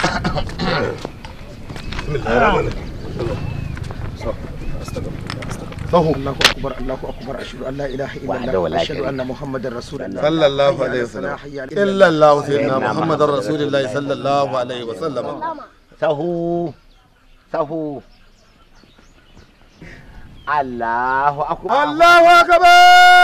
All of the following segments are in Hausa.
بسم الله الرحمن الرحيم الله اكبر الله اكبر اشهد ان لا اله الا الله اشهد ان محمدا رسول الله صلى الله عليه وسلم الا الله سيدنا محمد رسول الله صلى الله عليه وسلم سهو سهو الله اكبر الله اكبر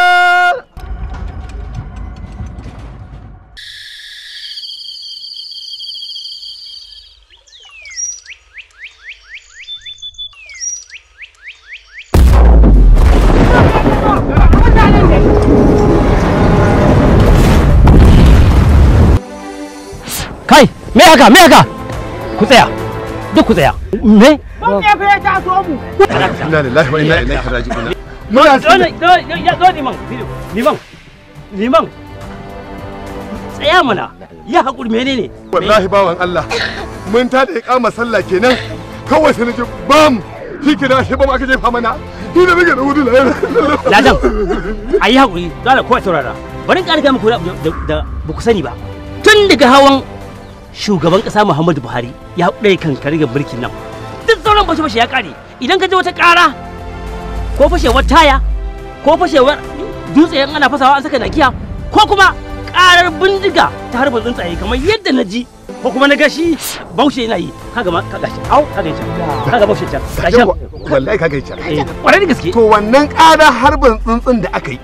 kai me haka me haka ku tsaya duk ku tsaya me mun ya ta so mu inna lillahi wa inna ilaihi raji'un muna dole ya zo liman liman liman tsaya mana ya hakuri menene wallahi bawan Allah mun ta da iqama sallah kenan kawai sai nake bam shi ke da shi bam aka jefa mana ni da nake da wudu lajan ayi hakuri dole ko taurara bari in ƙarfi muku da ba ku sani ba tun daga hawan shugaban kasa Muhammadu Buhari ya ɗaya kan karigar mulkin nan duk sauran fashe-fashe ya kare idan ka je wata ƙara ko fashewar taya ko fashewar dutse yan ana fasawa an saka nakiya ko kuma ƙarar bindiga ta harba tsuntsaye kamar yadda na ji ko kuma na gashi baushe yana yi kaga ma kaga shi au kaga shi kaga baushe can wallahi kaga shi kwarai eh, da gaske to wannan ƙarar harbin tsuntsun da aka yi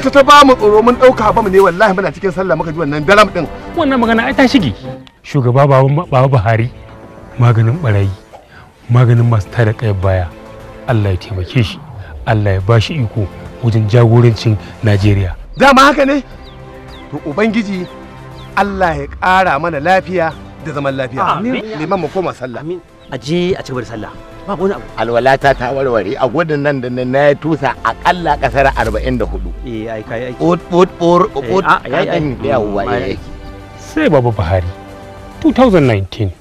ita ta ba mu tsoro mun ɗauka ba mu ne wallahi muna cikin sallah muka ji wannan dalam ɗin. wannan magana ai ta shige shugaba baba buhari maganin barayi maganin masu tada kai baya allah ya taimake shi allah ya bashi iko wajen jagorancin najeriya dama haka ne to ubangiji allah ya ƙara mana lafiya da zaman lafiya liman mu koma sallah a je a cigaba da sallah ba abu alwala ta ta warware a gudun nan da na ya tusa akalla kasar 44 eh ai kai eh, ai bot bot bot bot sai baba buhari 2019